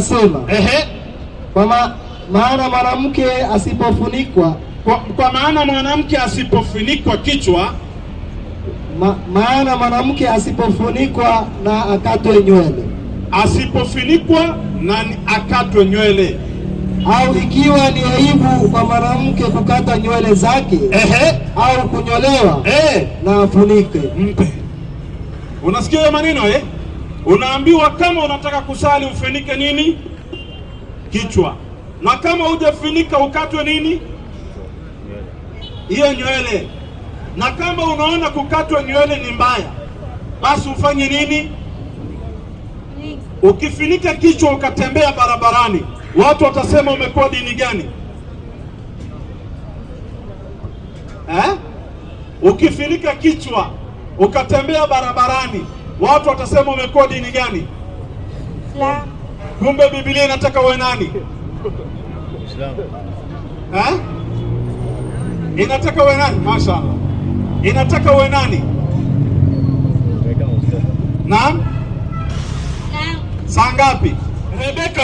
anasema ehe, kwa ma, maana mwanamke asipofunikwa kwa, kwa maana mwanamke asipofunikwa kichwa ma, maana mwanamke asipofunikwa na akatwe nywele, asipofunikwa na akatwe nywele, au ikiwa ni aibu kwa mwanamke kukata nywele zake ehe, au kunyolewa ehe, na afunike mpe. Unasikia maneno eh? Unaambiwa kama unataka kusali ufinike nini kichwa, na kama hujafunika ukatwe nini hiyo nywele, na kama unaona kukatwa nywele ni mbaya, basi ufanye nini? Ukifinika kichwa ukatembea barabarani, watu watasema umekuwa dini gani eh? Ukifinika kichwa ukatembea barabarani watu watasema umekuwa dini gani? Kumbe Biblia inataka uwe nani? Ha? Eh? Inataka uwe nani? Mashaallah, inataka uwe nani? Naam, saa ngapi Rebeka?